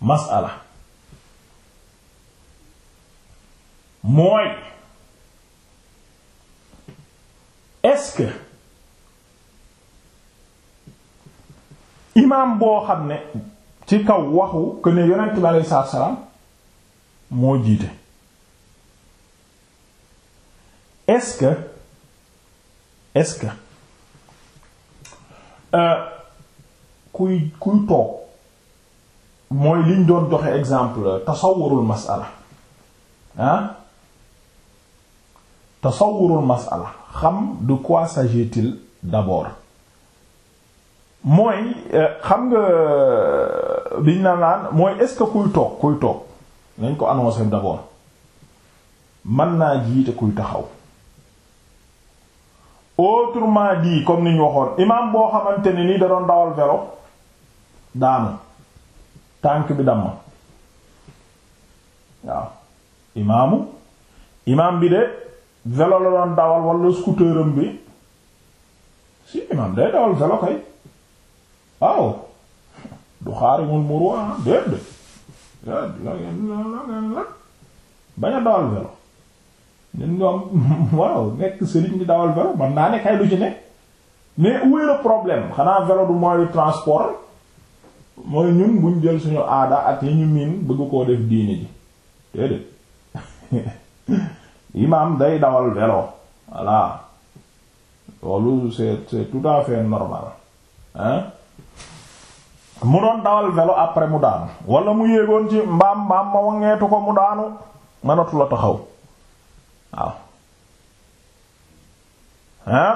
masala mooy est imaam boo xam ne ci kaw waxu que yonent bi aleyhi salaatu salaam moo jiite est-ce que est euh, kuy kuy toog mooy liñ doon joxe exemple tasawurul masala ah tasawurul masala xam de quoi s'agit-il d'abord mooy euh, xam nga euh, biñ na naan mooy est kuy toog kuy toog nañ ko annoncer d'abord mën naa jiite kuy taxaw autrement dit comme ni ñu waxoon imam boo xamante ne ni da doon dawal vélo daanu tànk bi damm waaw imaamu imaam bi de vélo la doon dawal wala scooteram bi si imaam day dawal vélo koy waaw du xaari mun muruwa déet de bañ a dawal vélo ñun ñoom waaw nekk sëriñ di dawal vélo man naa ne lu ci ne mais où problème xanaa velo du moyen de transport mooy ñun buñ jël suñu aada ak yi ñu miin bëgg koo def diine ji déedéet imaam day dawal vélo voilà loolu c'est c'est tout à fait normal hein mu doon dawal vélo après mu daanu wala mu yéegoon ci mbaam mbaam ma wangeetu ko mu daanu mënatu taxaw waaw hein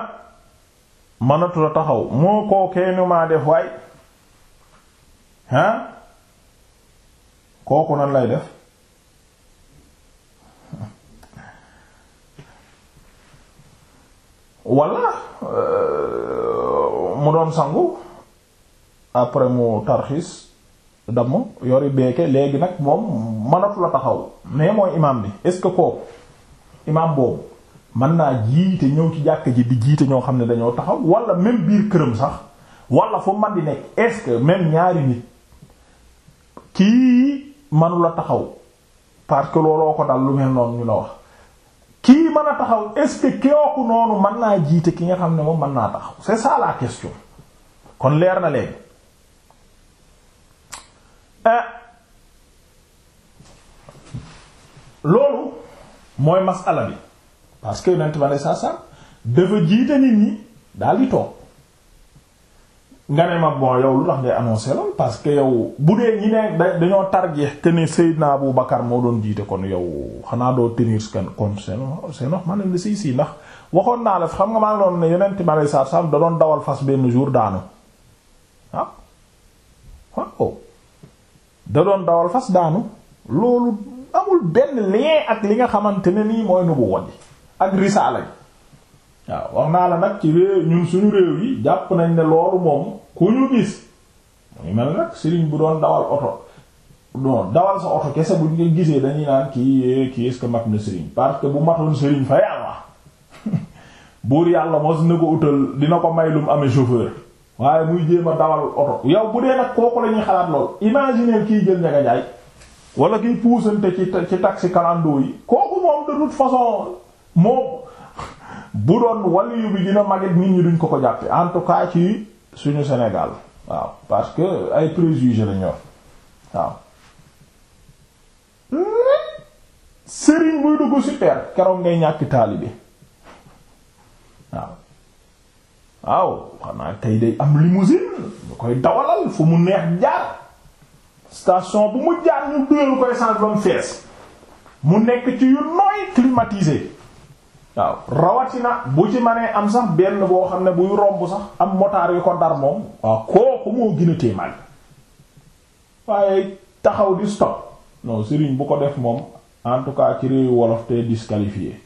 mënatu taxaw moo koo keenu maa def waay ah kooku nan lay def walla euh, mu doon sangu après mu tarxiis damm yori beeke léegi nag moom mënatu la taxaw mais mooy imaam bi est-ce que kooku imaam boobu mën naa jiite ñëw ci jàkk ji di jiite ñoo xam ne dañoo taxaw walla même biir këram sax walla fu man di nekk même ñaari nit kii manula taxaw parce que looloo ko dal lu mel noonu ñu la wax kii mën a taxaw est-ce que kooku noonu man naa jiite ki nga xam ne moom mën naa taxaw c'est ça la question kon leer na léegi ah. loolu mooy masala bi parce que yonent ma ne saa saa dafa jiite nit ñi daal di toog nga ne ma bon yow lu tax ngay annoncé lool parce que yow bu dee ñi ne dañoo tarjeex que ne Seydina Abu Bakar moo doon jiite kon yow xanaa doo tenir seen kon seen seen wax ma ne la si si ndax waxoon naa la xam nga maa ngi doon ne yeneen timbale saa saam da doon dawal fas benn jour daanu ah waaw da doon dawal fas daanu loolu amul benn lien ak li nga xamante ne nii mooy nubu wàññi ak risaala waaw wax naa la nag ci réew ñun suñu réew yi jàpp nañ ne loolu moom ku ñu gis muy mel nag sëriñ bu doon dawal oto non dawal sa oto kese buñ ñu gisee dañuy naan kii kii est-ce que mat na sëriñ parce que bu matoon sëriñ fa yàlla buur yàlla mos na ko utal dina ko may lu mu amee chauffeur waaye muy jéem a dawal oto yow bu dee nag kooku la ñuy xalaat lool imaginer kiy jël ñaga jaay wala kiy puusante ci ci taxi kalandoo yi kooku moom de toute façon moom. bu doon waliyu bi dina magit nit ñi duñ ko ko jàppe en tout cas ci suñu Sénégal waaw parce que ay préjugés la ñor waaw sëriñ buy dugg super keroog ngay ñàkk taalibe waaw waaw xanaa tey day am limousine ñu koy dawalal fu mu neex jaar station bu mu jaar ñu duyal koy sens mu fees mu nekk ci yu nooy climatisé waaw rawatina bu ci mënee am sax benn boo xam ne buy romb sax am motaar yu ko dar moom waaw kooku moo gën a waaye taxaw di stop non bu ko def moom en tout cas ci réewu wolof te disqualifié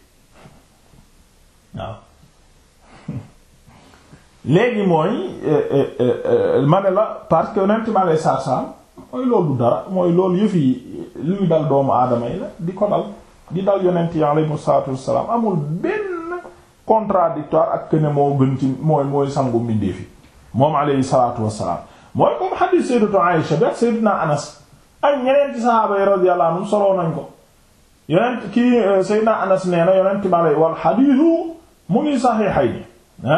waaw léegi mooy eh, eh, eh, ma ne la parce que honnêtement ma lay saar-saar mooy loolu dara mooy loolu yëf yi luy dal doomu aadama yi la di ko dal di dal yonent yi alayhimu salaatu wassalaam amul benn contradictoire ak ne moo gën ci mooy mooy sangu mbindeef yi moom alayhi salaatu wassalaam mooy comme xadiis sayyidatu Aïsha bi sayyidina Anas ak ñeneen ci saxaaba yi radiyallahu anhum soloo nañ ko yonent euh, na yonent ba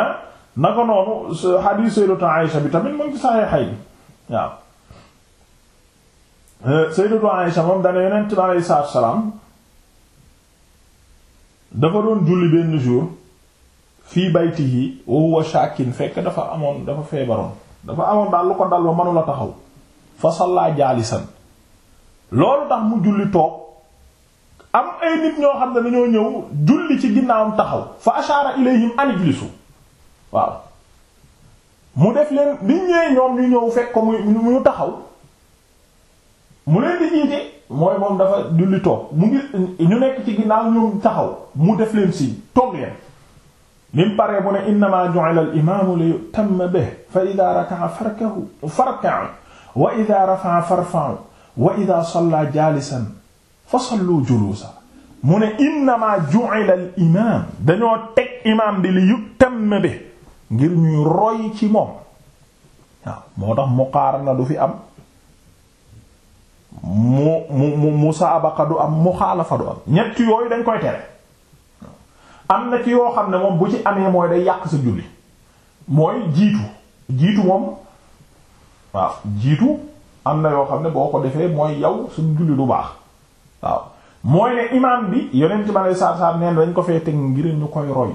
ah, noonu xadiis sayyidatu Aïsha bi tamit mu ngi saxiixayni waaw euh, sayyidatu Aïsha moom dana yonent bi alayhi salaatu dafa doon julli benn jour fii baytihi wa huwa shakin fekk dafa amoon dafa feebaroon dafa amoon daal lu ko dal ba mënula taxaw fa salla jaalisan loolu tax mu julli toog am ay nit ñoo xam ne dañoo ñëw julli ci ginnaawam taxaw fa ashara ilayhim an waaw mu def leen biñ ñëwee ñoom ñu ñëw fekk ko mu mu taxaw mu leen di jiite mooy moom dafa julli toog mu ngi ñu nekk ci ginnaaw ñoom taxaw mu def leen si toog leen mim paree bu ne innama ju'ila al imaamu li yutamma bihi fa idha raka'a farka'u wa idha rafa'a farfa'u wa idha salla jalisan fa sallu julusa mu ne innama ju'ila al imaam dañoo teg imaam bi li yutamma bihi ngir ñuy roy ci moom waaw moo tax muqaarana du fi am mu mu mu musaabaqa du am muxaalafa du am ñett yooyu dañ koy tere am na ci yoo xam ne moom bu ci amee mooy day yàq sa julli mooy jiitu jiitu moom waaw jiitu am na yoo xam ne boo ko defee mooy yow su julli du baax waaw mooy ne imaam bi yonent ci ma saar saar neen dañ ko fee teg ngir ñu koy roy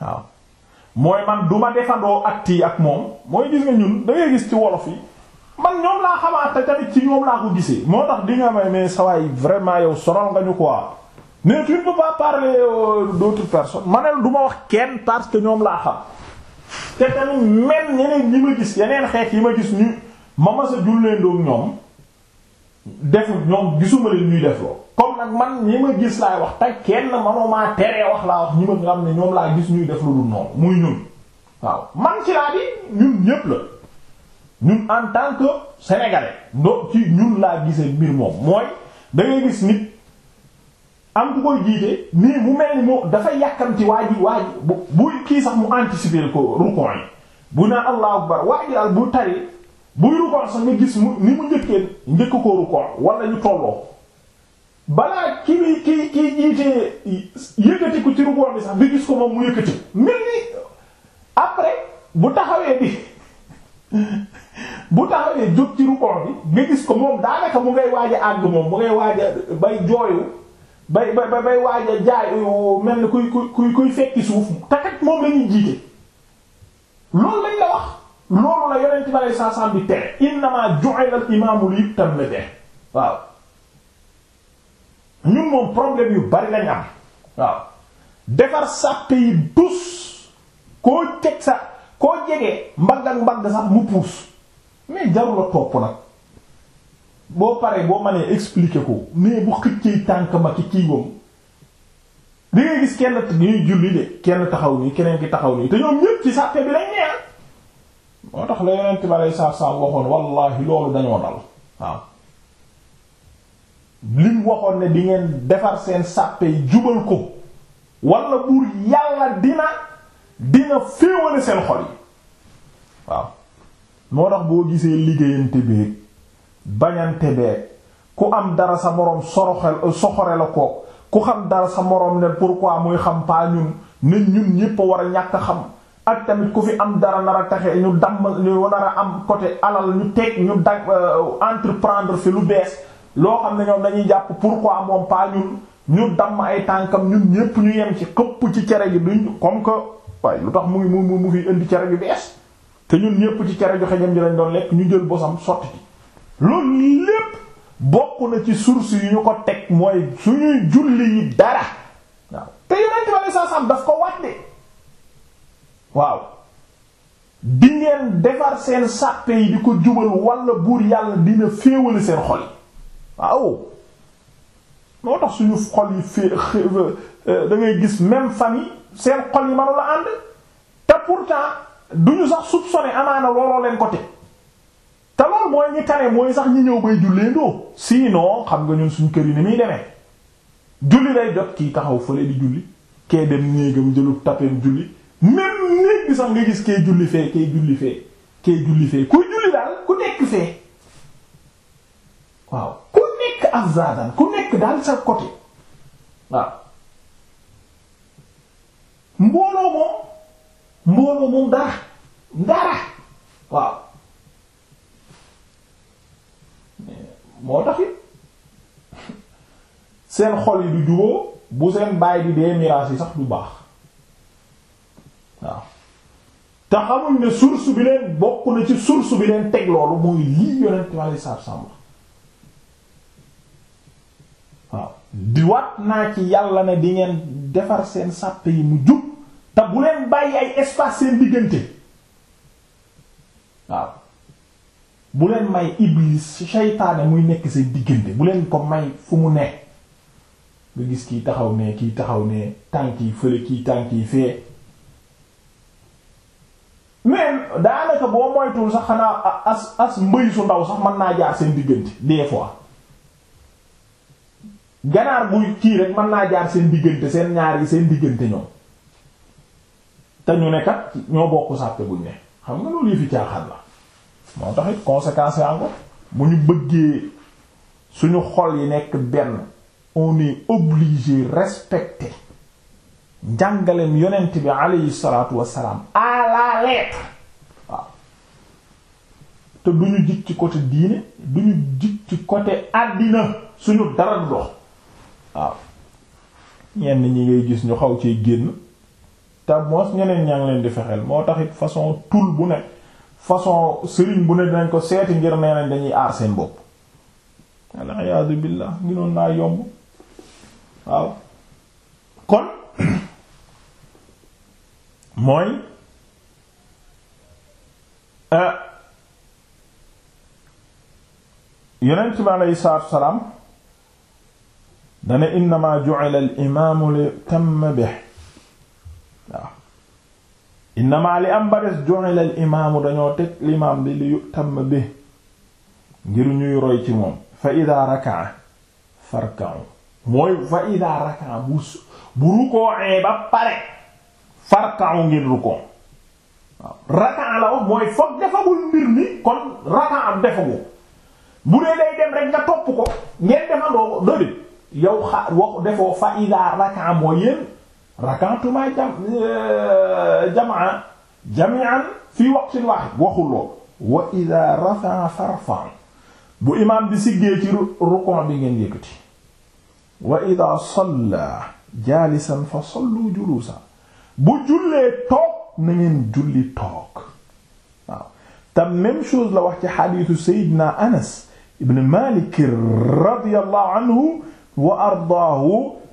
waaw mooy man duma defandoo acti ak moom mooy gis nga ñun dangay gis ci wolof yi man ñoom laa te tamit ci ñoom laa ko gisee moo tax di nga may mais sawaay vraiment yow soral nga ñu ko ne peux pas parler euh, d'autres personnes ma ne du ma wax kenn parce que ñoom laa xam ñi ma gis yeneen xeet yi ma gis ñu ma ma sa julleen doom ñoom defu ñoom gisuma leen def loo comme man ñi ma gis laay wax te kenn manuma teree wax laa ñi xam ne ñoom laa gis def lu dul noonu waaw man ci laa bi ñun ñépp la ñun en tant que sénégalais no ci ñun laa gisee mbir moom mooy da ngay gis nit am ku koy jiite nii mu mel ni moo dafay yàkkamti waa ji bu buy kii sax mu anticiper ko rukon bu naa allahu akbar waa ji daal bu tari buy rukon sax nga gis mu ni mu njëkkee njëkk ko rukon wala ñu tolloo balaa ki bi ki jiitee yëkkati ci rukon bi sax bi gis ko moom mu yëkkati mel ni après bu taxawee bi bu taxawee jóg ci ruqon bi nga gis ko moom daanaka mu ngay waaj a àgg moom mu ngay waaj a bay jooyu bay bay bay waaj a mel ni kuy kuy kuy fekki suuf takat moom la ñuy jiite loolu lañ la wax loolu la yonent bi bari lañ yi dus koo teg sa koo jegee mbagg ak mbagg sax mu puus mais jarul a topp nag boo paree boo ne expliquer ko mais bu xëccee tànk ma ki kii moom da ngay gis kenn ñuy julli de kenn taxaw nii keneen ki taxaw nii te ñoom ñépp ci sàppe bi lañ neex moo tax la yeneen tibalee saaf saaf waxoon wallahi loolu dañoo dal waaw lim waxoon ne di ngeen defar seen sàppe jubal ko wala buur yàlla dina dina féewale seen xol yi waaw moo tax boo gisee liggéeyante beeg bañante beeg ku am dara sa moroom soroxel euh, soxore la ko ku xam dara sa moroom ne pourquoi muy xam paa ñun ne ñun ñépp war a ñàkk xam ak tamit ku fi am dara nar a taxe ñu damm ñu nar am côté alal ñu teg ñu da euh, entreprendre fi lu bees loo xam ne ñoom dañuy jàpp pourquoi moom paa ñun ñu damm ay tànkam ñun ñépp ñu yem ci këpp ci cere gi duñ comme que waaye lu tax mu ngi mu mu fi indi cere gi bees te ñun ci cere joxe ñam ji lañ doon lekk ñu jël bosam sotti ci loolu lépp bokk na ci source yu ñu ko teg mooy suñuy julli yi dara waaw te yonent bi alei sat daf ko wànde waaw di ngeen defar seen sàppe yi di ko jubal wala buur yàlla dina féewale seen xol yi waaw moo tax suñu xol yi fee euh, da gis même famille seen xol yi manula ànd te pourtant duñu sax soupçonné amaana looloo leen ko teg te loolu mooy ñi tane mooy sax ñi ñëw bay jullee ndoo sinon xam nga ñun suñ kër yi ni muy demee julli day jot kii taxaw fële di julli kee dem néegam jëlu tapeem julli même néeg sax nga gis kee julli fee kee julli fee kee julli fee ku julli daal ku nekk fee waaw ku nekk azadan ku nekk daal sa côté waaw mbooloo moom mbooloo moom dara dara waaw moo tax it seen xol yi du juboo bu seen bàyyi di dee miraas yi sax du baax waaw te xamuñ ne source bi leen bokk na ci source bi leen teg loolu mooy lii yonent wàllu saab sàmm waaw di wat naa ci yàlla ne di ngeen defar seen sàpp yi mu jub te bu leen bàyyi ay espace seen diggante waaw bu leen may iblis seytaane muy nekk seen diggante buleen ko may fu mu nekk nga gis kii taxaw ne kii taxaw ne tànk yi fële kii tànk yi fee mais daanaka boo moytuwul sax xanaa as as mbëy su ndaw sax mën naa jaar seen diggante des fois ganaar buy kii rek mën naa jaar seen diggante seen ñaar yi seen diggante ñoom te ñu ne kat ñoo bokk sàppe buñ ne xam nga loolu yëfi caaxaan la moo taxit conséquence yaa ngo bu ñu bëggee suñu xol yi nekk benn on est obligé respecter njàngaleem yonent bi aleyhi salaatu wassalaam à la lettre waaw te du ñu jig ci côté diine du ñu jig ci côté àddina suñu dara dox waaw ñenn ñi ngay gis ñu xaw ci génn te mos ñeneen ñaa leen di fexeel moo taxit façon tul bu ne façon sëriñ bu ne dinañ ko seeti ngir nee nañ dañuy aar seen bopp aliyasu billah ginoon naa yomb waaw kon mooy eh, yonent bi aleyhi salaatu wasalaam dana innama ju'ila al imaamu li tamma bihi innama li am ba des ju'ila imaamu dañoo teg limaam bi li yu'tam bi ngir ñuy roy ci moom fa ida raka'a farka'u mooy fa raka'a bu bu ruko'ee waaw raka'a la wax mooy foog defagul mbir mi kon raka'a defagu bu dee day dem rek nga topp ko ngeen defandoo ko doodit yow xa wax defoo fa raka'a mooy yéen rakantuma jam euh, jamaa jamian fii waqtin waahid waxul lool wa ida rafa'a farfa' bu imaam bi siggee ci rukon bi ngeen yëkkati wa ida salla jaalisan fa sallu juluusan bu jullee toog na ngeen julli toog waaw te même chose la wax ci xadiisu Seydina Anas ibn Malik radiyallahu anhu wa ardaahu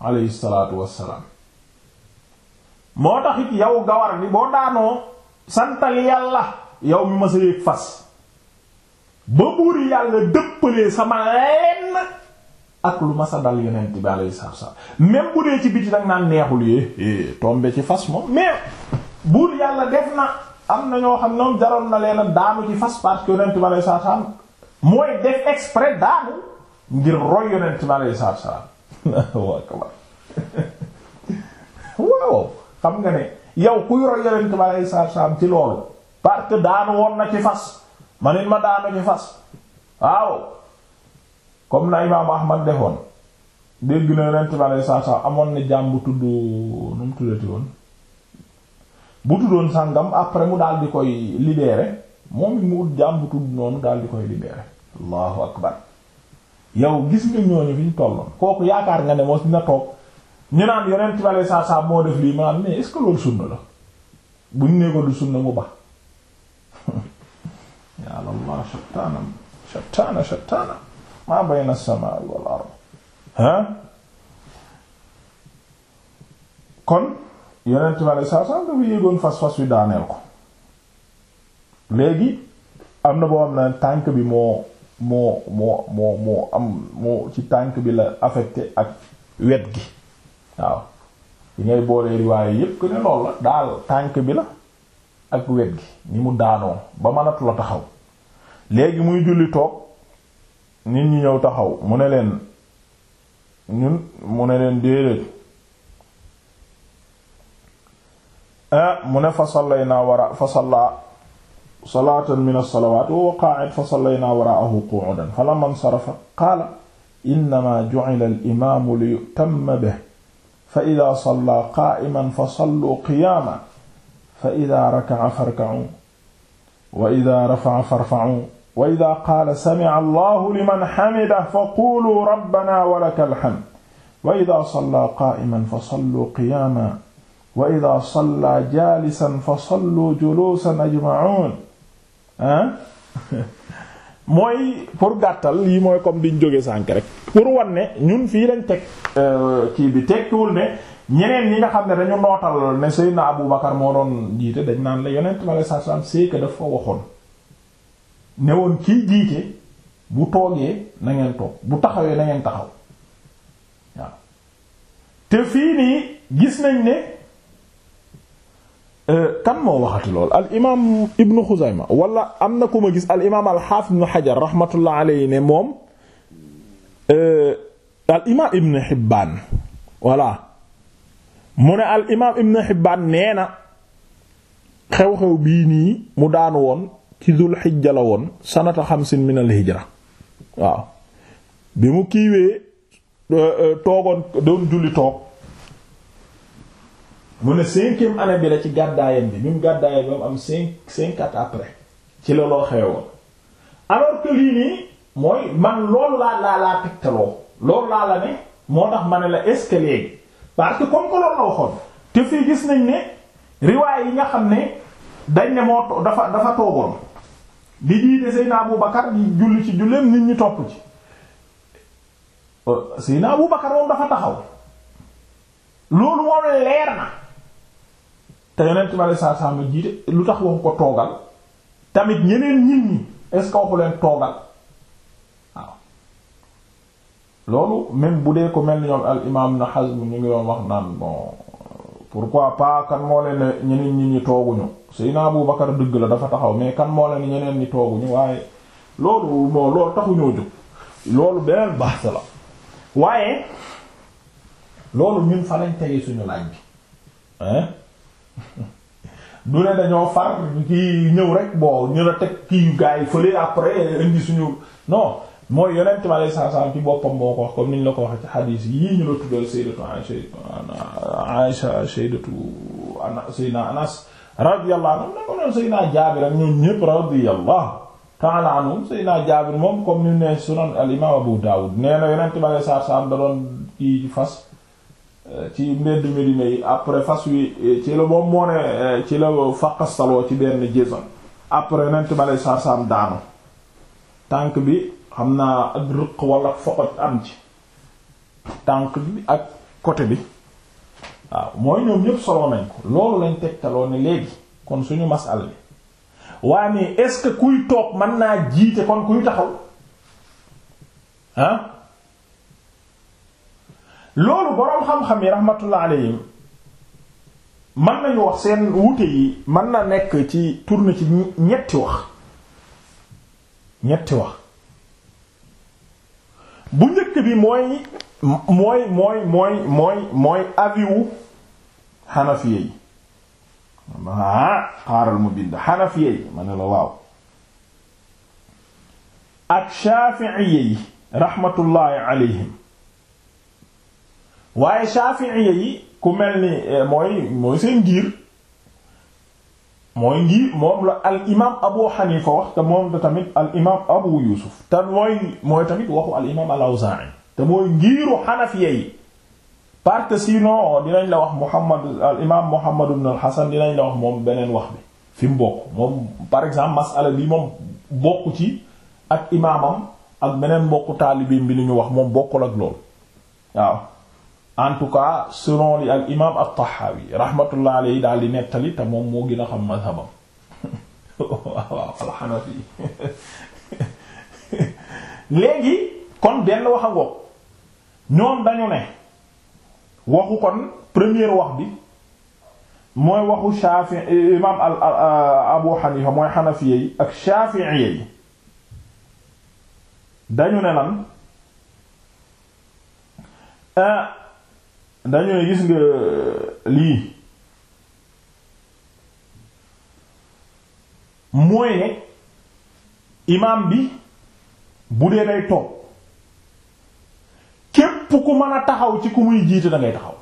alayhi salaatu moo taxit yow gawar bi boo daanoo santal yàlla yow mi ma sa yéeg fas ba buuri yàlla dëppalee sama lenn ak lu ma sa dal yonent bi alayhi salaatu wassalaam même bu dee ci biti nag naan neexul yee eh, eh, tombe ci fas moom mais buur yàlla def na am na ñoo xam ñoom jaroon na leen daanu ci fas parce que yonent bi alayhi salaatu wassalaam mooy def exprès daanu ngir roy yonent bi alayhi salaatu wassalaam waaw xam nga ne yow kuy roy yonent bi alayhi salaatu ci loolu parce que daanu woon na ci fas manit ma daanu ci fas waaw comme na imaam Ahmad defoon dégg na yonent bi alayhi salaatu amoon na jaam bu tudd nu mu tuddati woon bu tuddoon sàngam après mu daal di koy libéré moom mu ut tudd noonu daal di koy libéré allahu akbar yow gis nga ñooñu fi ñu tolloon kooku yaakaar nga ne mos dina toog ñu naan yeneen tibale saa saa moo def lii maanaam mais est-ce que loolu sunna ko du ha kon yeneen tibale saa saa dafa yéegoon fas fas wi daaneel ko léegi am na boo am na tànk bi moo moo moo moo moo am moo ci tànk bi la affecté ak wet gi waaw yi ngay boolee riwaaye yépp ku ne lool la daal tànk bi la ak wet gi ni mu daanoo ba mënatu la taxaw léegi muy julli toog nit ñi ñëw taxaw mu ne leen ñun mu ne leen déedéet ah mu ne fa sallay naa wara fa salla salaatan min as-salawaat wa qaa'id fa sallaynaa waraa'ahu qu'uudan falammaa insarafa qaala innamaa ju'ila al-imaamu liyu'tamma bihi fa idaa sallaa qaa'iman fa salluu qiyaaman fa idaa raka'a farka'uu wa idaa rafa'a farfa'uu wa idaa qaala sami'a Allahu liman hamidahu fa quuluu rabbanaa wa lakal hamd wa idaa sallaa qaa'iman fa salluu qiyaaman wa idaa sallaa jaalisan fa salluu juluusan ajma'iin mooy pour gàttal yi mooy comme diñ jóge sànk rek pour wan ne ñun fii lañ teg euh, kii bi tekkiwul ne ñeneen ñi nga xam ne dañu nootal ne Seydina Abu Bakar moo doon jiite dañ naan la yonent ma la sarsam c'est que dafa waxoon ne woon kiy jiite bu toogee na ngeen toog bu taxawee na ngeen taxaw waaw te fii nii gis nañ ne Euh, kan moo waxati lool al imaam Ibn Xuzayma am na ku ma gis al imaam al xaafid ibn Xajar rahmatullah aleyhi ne moom euh, al imaam Ibn Hibbaan mu ne al imaam Ibn Hibbaan xew-xew bii nii mu daan woon ci dul xijja la woon sanata xamsin min al waaw bi mu kiiwee euh, toogoon doon julli toog. mu ne cinquième année bi la ci gàddaayam bi bi mu gàddaayam bi mu am cinq cinq at après ci loo xewoon alors que loolu laa laa laa tegtaloo loolu laa la ne moo tax ma ne la est-ce parce comme que loolu waxoon te fii gis nañ ne riwaay yi nga xam ne dañ ne moo dafa dafa toogoon di jiite Seyna Abu Bakar julli ci julleem nit ñi topp ci euh, Seyna Abu Bakar moom dafa taxaw loolu moom leer na. te yonent bi saa salaatu salaam jiite lu tax waxu ko toogal tamit ñeneen ñin ñi est-ce que toogal waaw loolu même bu dee ko mel ni ñoom al imaam na Hazm ñu ngi doon wax naan bon pourquoi pas kan moo leen ñeneen ñi ñi tooguñu Seydina Abu Bakar dëgg la dafa taxaw mais kan moo leen ñeneen ñi tooguñu waaye loolu loolu taxuñoo jóg loolu beneen baax la waaye loolu ñun fa lañ tege suñu laaj du ne dañoo far kii ñëw rek bon ñu la teg kii gars yi fële après indi suñu non mooy yonent bi alayhi salaam la ko waxee ci xadiis yii moom comme ni ne sunan al imaam Abu Dawud nee na yonent bi alayhi salaam da doon kii fas ci mbedd Medina yi après fas wi eh, ci la moom moo ne eh, ci la faqastaloo ci benn jéson après nent ma lay sarsam daanu tànk bi xam naa ak rëq wala foqot am ci tànk bi ak côté bi waaw mooy ñoom ñépp soloo nañ ko loolu lañ tegtaloo ne léegi kon suñu masal bi waa nii kuy toog mën naa jiite kon kuy taxaw loolu boroom xam-xam yi rahmatullah alayhim mën nañu wax seen wuute yi mën na nekk ci tourne ci ñetti wax ñetti wax bu njëkk bi mooy mooy mooy mooy mooy mooy aviwu xanafiye yi xaaral ah, mu bind xanafiye yi ma ne la waaw ak shaafi'iye yi rahmatullahi alayhim waaye shafi'iyya yi ku mel ni eh, mooy mooy seen ngir mooy ngir moom la al abu xanifa wax te moom da tamit al abu yusuf te mooy mooy tamit waxu al al awza'i te mooy ngiru xanafiya yi parce que sinon dinañ la wax muhammad al imaam muhammad ibn dinañ la wax moom beneen wax bi fi bokk moom par exemple masala bi moom bokk ci ak imaamam ak beneen mbokku taalibiin bi li ñu wax moom bokkul ak lool waaw en tout cas selon al imaam at-Tahawi rahmatullah daal di nettali te moom moo gën a al-Hanafi léegi kon benn wax a ñoom dañu ne waxu kon première wax bi mooy waxu Shafi imaam euh, Abu Hanifa mooy Hanafi ak Shafi'i yi dañu ne lan. Euh, dañu gis nga euh, lii mooy ne imaam bi bu dee day toog képp ku mën a taxaw ci ku muy jiite da ngay taxaw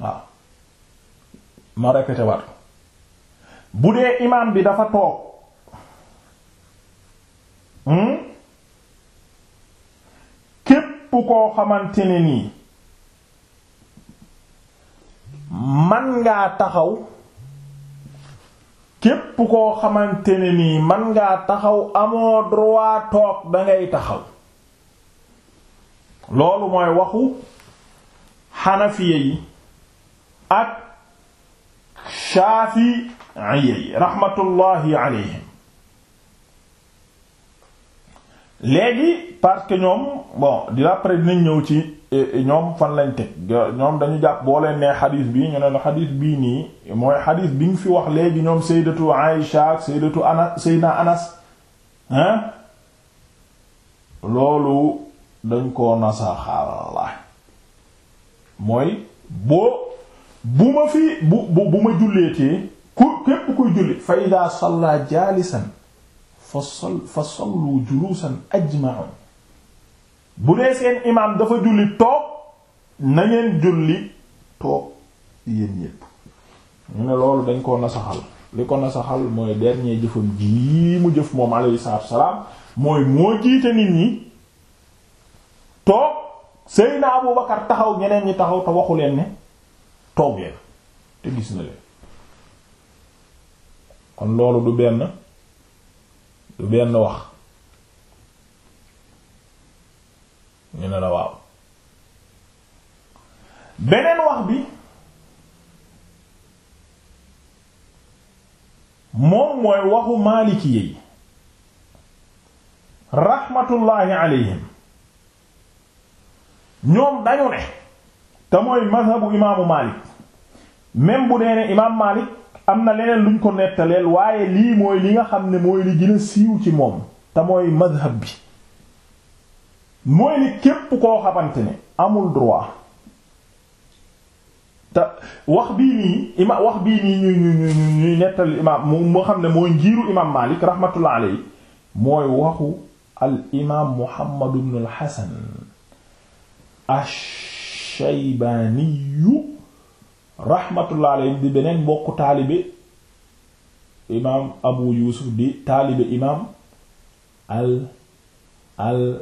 waaw ma répété waat ko bu dee imaam bi dafa toog hmm? koo xamante nii man ngaa taxaw képp koo xamante ne nii man ngaa taxaw amoo droit toog dangay taxaw loolu mooy waxu xanafiye yi ak shaafiiye yi raxmatullaahi léegi parce que ñoom bon di après dinañ ñëw ci e, e, ñoom fan lañ teg ñoom dañu jàpp boo leen nee xadiis bi ñu ne la xadiis bii nii mooy xadiis bi nga fi wax léegi ñoom sayyidatu Aïsha ak sayyidatu Anas sayyidina Anas hein loolu dañ ko nasaxalla mooy boo bu ma fi bu bu ma julleetee ku képp kuy julli fa ida salla jalisan fa sallu julusan ajma'un bu dee seen imaam dafa julli toog na ngeen julli toog yéen ñépp ñu ne loolu dañ koo nasaxal li ko nasaxal mooy dernier jëfam jii mu jëf moom alayhi salaam mooy moo jiite nit ñi toog Seydina Abu Bakar taxaw ñeneen ñi taxaw te waxu leen ne toog leen te gis na leen kon loolu du benn du benn wax ñu ne la waaw beneen wax bi moom mooy waxu maaliki yi raxmatullaahi alayhim ñoom dañu ne te mooy imaamu Maalik même bu nee ne imaam Maalik am na leneen luñ ko nettaleel waaye lii mooy li nga xam ne mooy li gën a siiw ci moom te mooy bi mooy ni képp koo xamante ne amul droit te wax bii nii ima wax bii nii ñuy ñuy ñuy nettal imaam mu moo xam ne mooy njiiru imaam Maalik rahmatullah mooy waxu al imaam Muhammad ibn al Hasan ash-Shaybaaniyu rahmatullah alayhi di beneen mbokku taalibe imaam Abu Yuusuf di taalibe imaam al al.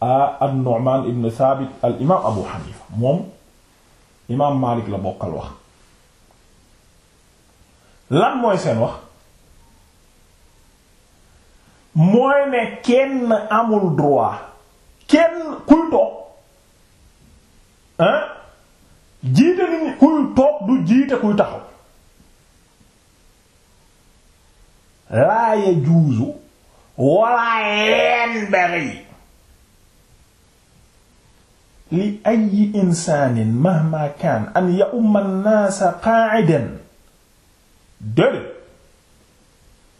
an-Nu'man ibn Thabit al imaam Abu Hanifa moom imaam Malik la bokkal wax lan mooy seen wax mooy ne kenn amul droit kenn kuy toog hein jiite ni kuy toog du jiite kuy taxaw laa yajuuzu wala yanbaghi li ay insaanin mahma kaan an ya umma naasa qa'idan déedéet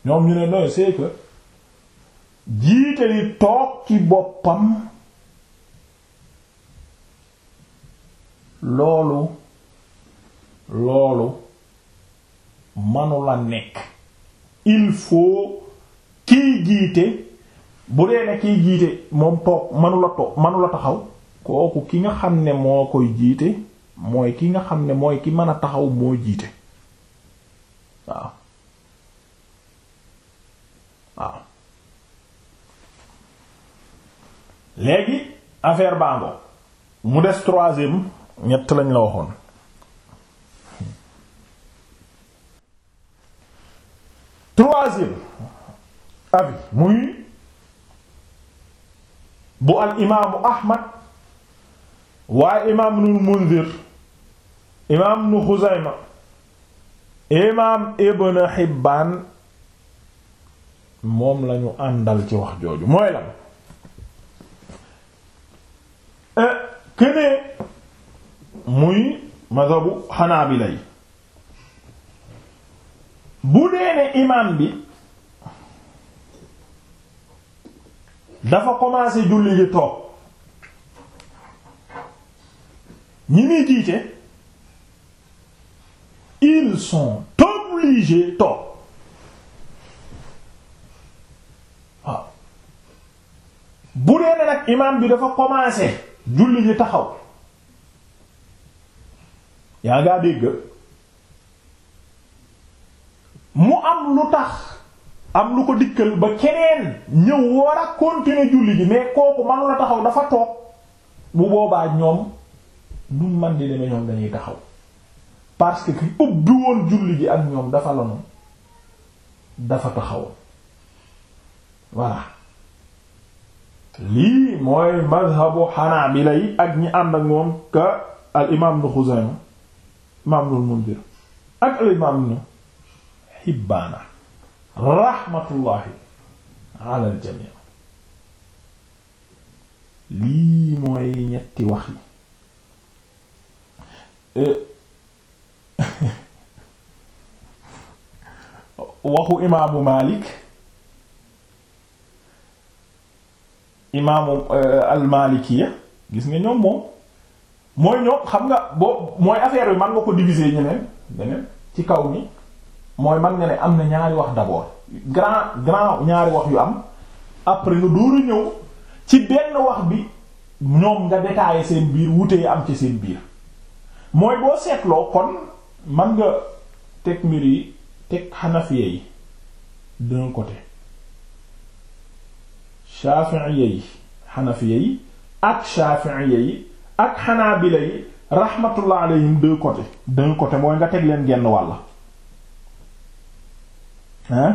ñoom ñu ne loolu c'est jiite li toog ci boppam loolu loolu manula nekk il faut kiy jiite bu dee ne kiy jiite moom toog manula toog manula taxaw kooku ki nga xam ne moo koy jiite mooy ki nga xam ne mooy ki mën a taxaw moo jiite waaw waaw léegi affaire bango mu des troisième ñett lañ la waxoon troisième avis muy bu al imaamu Ahmad waaye imaam nul mundir imaam nu xuzayma imaam ibn xibbaan moom lañu àndal ci wax jooju mooy lan eh, kënee muy madhabu xanaabila yi bu dee ne imaam bi dafa commencé julli ji toog ñi muy jiite ils sont obligés toog waaw ah. bu dee ne nag imaam bi dafa commencer julli ñi taxaw yaa ngaa dégg mu am lu tax am lu ko dikkal ba keneen ñëw war a continuer julli ji mais kooku man la taxaw dafa toog bu boobaa ñoom nu man di demee ñoom dañuy taxaw parce que ki ubbi woon julli ji ak ñoom dafa lanu dafa taxaw voilà lii mooy mazhabu xanaabila yi ak ñi ànd ak moom ka al imaam nu Xuzayma imaam nu Mundir ak al imaam nu Hibbaana raxmatullaahi ala jamii lii mooy ñetti wax Eh. waxu imaamu Malik imaamu eh, al gis nga ñoom moom mooy ñoom xam nga boo mooy affaire bi man nga ko diviser ñeneen beneen ci kaw mi mooy man nga ne am na ñaari wax d'abord grand grand ñaari wax yu am après nga dóor a ñëw ci benn wax bi ñoom nga détailler seen biir wute am ci seen biir mooy boo seetloo kon man nga teg mbir yi teg xanafiye yi d'un côté chaafiiye yi xanafiye yi ak chaafiiye yi ak xanaabila yi rahmatullah alayhim deux côtés d'un côté mooy nga teg leen genn wàlla hein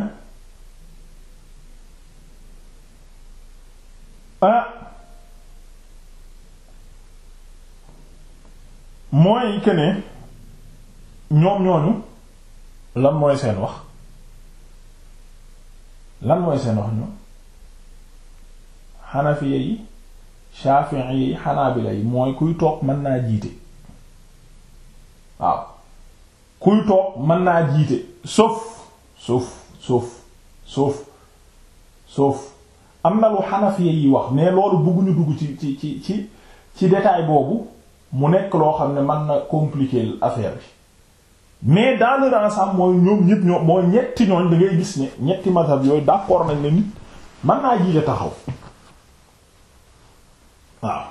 ah mooy que ne ñoom ñooñu lan mooy seen wax lan mooy seen wax ñoom xanafiya yi shafi'i yi xanaabila yi mooy kuy toog mën naa jiite waaw kuy toog mën naa jiite sauf sauf sauf sauf sauf am na lu xanafiya yi wax mais loolu bëgguñu dugg ci ci ci ci ci détail boobu mu nekk loo xam ne man na compliquer affaire bi mais dans leur ensemble mooy ñoom ñëpp ñoo mooy ñetti ñooñ da ngay gis ne ñetti mazhab yooyu d'accord nañ ne nit man naa jiite taxaw waaw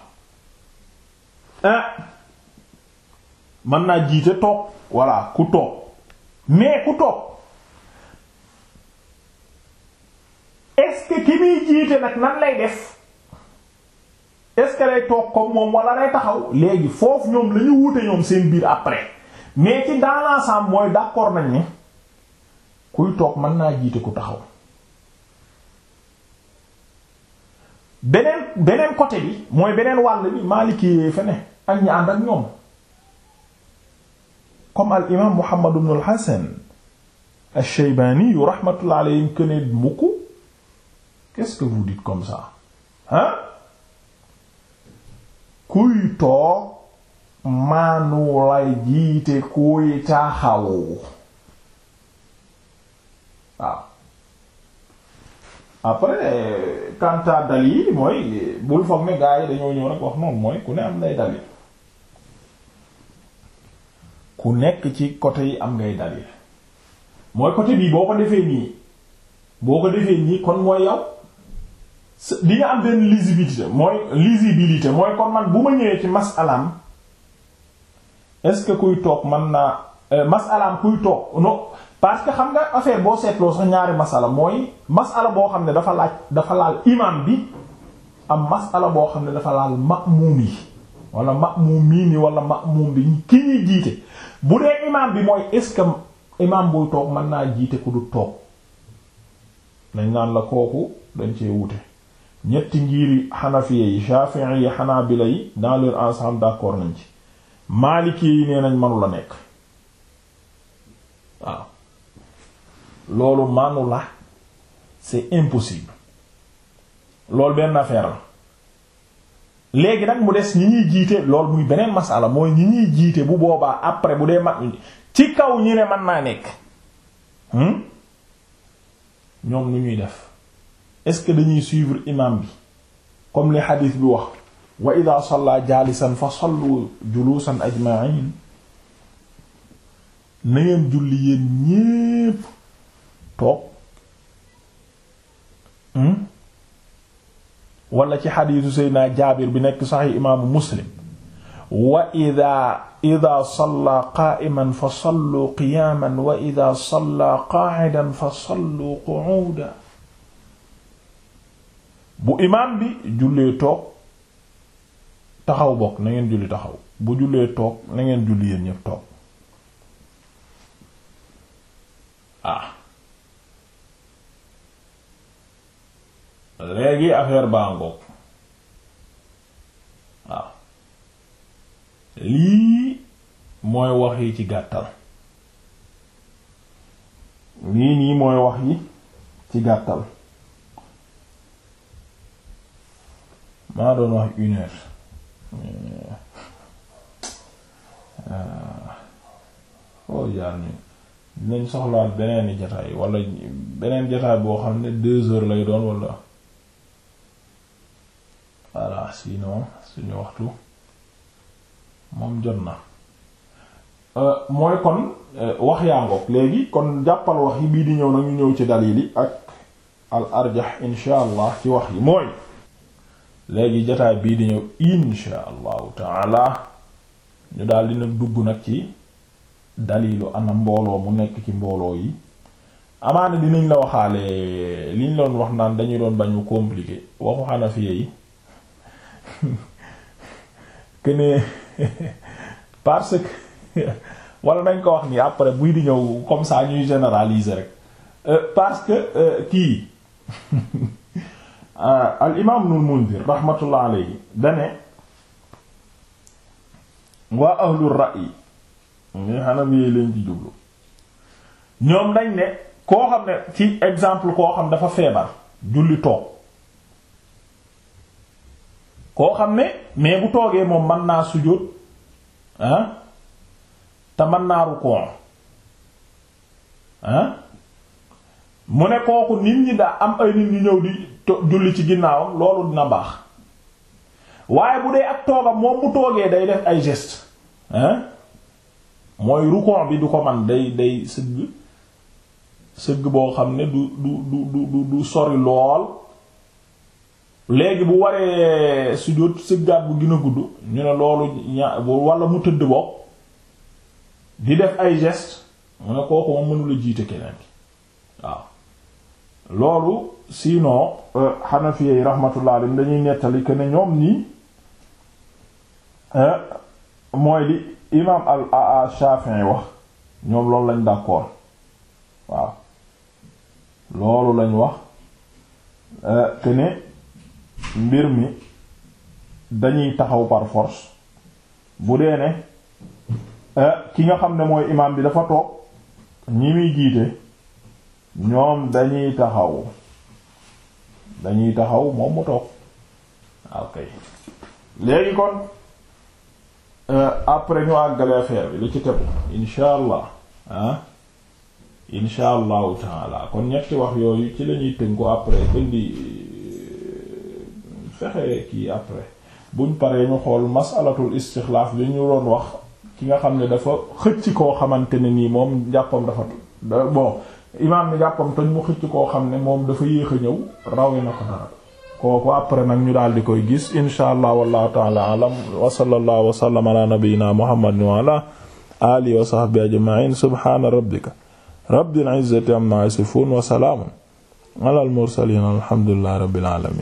ah mën naa toog voilà ku toog mais ku toog est ki muy jiite nag nan lay def est-ce que lay toog comme moom wala lay taxaw léegi foofu ñoom la ñu wuute ñoom seen biir après mais ci dans l'ensemble mooy d'accord nañ ne kuy toog mën naa jiite ku taxaw beneen beneen côté bi mooy beneen wàll bi Maliki fene ak ñi ànd ak ñoom comme al imam Muhammad ibn al al-Shaybani rahmatullah alayhi que ne mukk qu'est-ce que vous dites comme ça hein kuy toog maanu lay jiite kuy taxaw waaw après kanta dalil mooy bul foog ne gaa yi dañoo ñëw rek wax noonu mooy ku ne am nay dalil ku nekk ci côté yi am ngay dalil mooy côté bii boo ko defee nii boo ko defee nii kon mooy yow di nga am benn lisibilité mooy lisibilité mooy kon man bu ma ñëwee ci masalaam est-ce que kuy toog man naa euh, masalaam kuy toog non parce que xam nga affaire boo seetloo sax ñaari masala mooy masala boo xam ne dafa laaj dafa laal imam bi am masala boo xam ne dafa laal ma'muum yi wala ma'muum mii ni wala ma'muum bi ki ñuy jiite bu dee imam bi mooy est-ce buy toog mën naa jiite ku du toog nañ naan la kooku dañ cee wute ñetti ngiri xanafiya yi shafi'iyya yi xanaabila yi dans leur ensemble d'accord nañ ci maaliki yi nee nañ manula nekk waaw loolu manula c'est impossible loolu benn affaire léegi nag mu des ñi ñuy jiite lool muy beneen masala mooy ñi ñuy jiite bu boobaa après bu dee man ci kaw ñi ne man naa nekk hmm? ñoom nu ñuy def est-ce que dañuy suivre imam bi comme li xadiis bi wax wa ida salla jaalisan fa sallu juluusan ajma'in na ngeen julli yéen ñépp toog hmm? wala ci xadiisu seydna jaabir bi nekk saxi imaamu muslim wa ida ida salla qaa'iman fa sallu qiyaaman wa ida salla qaa'idan fa sallu qu'uudan bu imaam bi jullee toog taxaw bokk na ngeen julli taxaw bu jullee toog na ngeen julli yéen ñépp toog ah léegi affaire baa ngoog waaw lii mooy wax yi ci gàttal lii nii mooy wax yi ci gàttal maa doon wax une heure eh, eh, ah, oo jaar dinañ soxlaat beneen jataay wala beneen jataay boo xam ne deux heures lay doon wala voilà sinon suñu waxtu moom jot na eh, mooy kon wax yaa ngoog léegi kon jàppal wax yi bii di ñëw nag ñëw ci dalil yi ak al arjax insha allah ci wax yi mooy léegi jotaay bii di ñëw insha allahu taala ñu daal dina dugg nag ci dalilu ana mbooloo mu nekk ci mbooloo yi amaana dinañ la waxaale liñ doon wax naan dañu doon bañ mu compliqué waxu xanafiye yi que parce que wala nañ ko wax nii après buy di ñëw comme ça ñuy généraliser rek euh, parce que euh, kii Euh, al imaam Ibnul Munzir rahmatullah alayhi ne waa ahlu ra'yi ñu Hanafi lañ ci jublu ñoom dañ ne koo xam ne ci exemple koo xam dafa feebar julli toog koo xam ne mais bu toogee moom man naa sujjóot ah te mën naa rukkoo ah mu ne kooku nit ñi daa am ay nit ñu ñëw di julli ci ginnaawam loolu dina baax waaye bu dee ak toogam moom mu toogee day def ay geste hein mooy rukon bi du ko man day day sëgg sëgg boo xam ne du du du du sori lool léegi bu waree sujjóot sëggaat bu gën a gudd ñu ne loolu ña wala mu tëdd bopp di def ay geste mu ne kooku moom mënula jiite keneen waaw loolu sinon xanafiya euh, yi rahmatullah alayhim dañuy nettali que ne ñoom ñii euh, mooy li imaam al a Shafi'i wax ñoom loolu lañ d'accord waaw loolu lañu wax euh, que mbir mi dañuy taxaw par force bu dee ne ki nga xam ne mooy imaam bi dafa toog ñi muy jiite ñoom dañuy taxaw dañuy taxaw moom mu toog waaw kay léegi kon euh, après ñu àggale affaire bi li ci tegu insha allah ah insha allahu taala kon ñetti wax yooyu ci lañuy tënku après indi euh, fexe kii après buñ paree ñu xool masalatul istixlaaf li ñu doon wax ki nga xam ne dafa xëcc koo xamante ne nii moom jàppam dafa bon imaam mi jàppam toj mu xëcc koo xam ne moom dafa yéex a ñëw rawe na ko dara kooku après nag ñu daal di koy gis insha allah wallahu a alam wa sallallahu wa sallam ala nabiyyina muhammadin wa ala